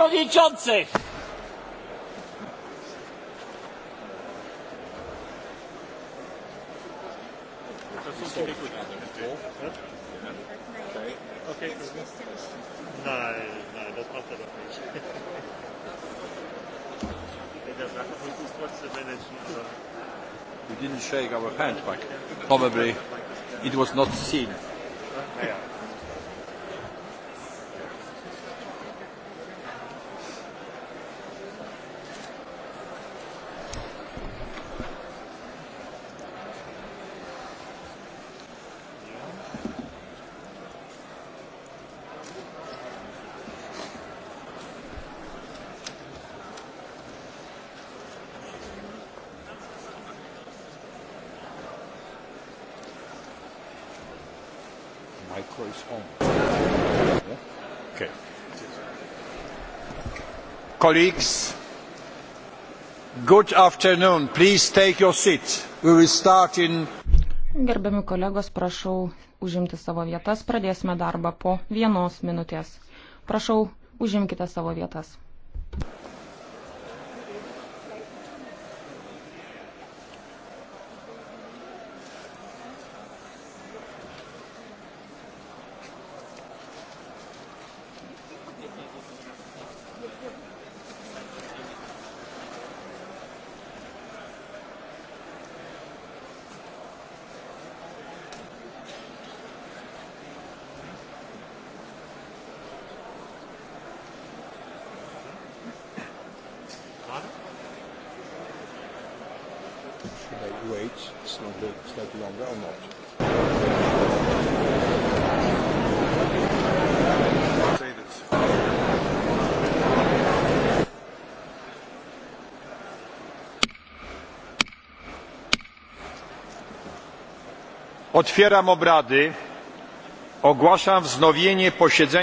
przewodniczący! Nein, nein, das macht er doch nicht. Der Sache versucht es trotzdem managen, aber. We didn't shake our hand, but probably it was not seen. Naja. micro is on. Okay. Colleagues, good afternoon. Please take your seat. We will start in. Gerbiami kolegos, prašau užimti savo vietas. Pradėsime darbą po vienos minutės. Prašau, užimkite savo vietas. should they wait slightly, slightly longer or not? Say this. Otwieram obrady. Ogłaszam wznowienie posiedzenia.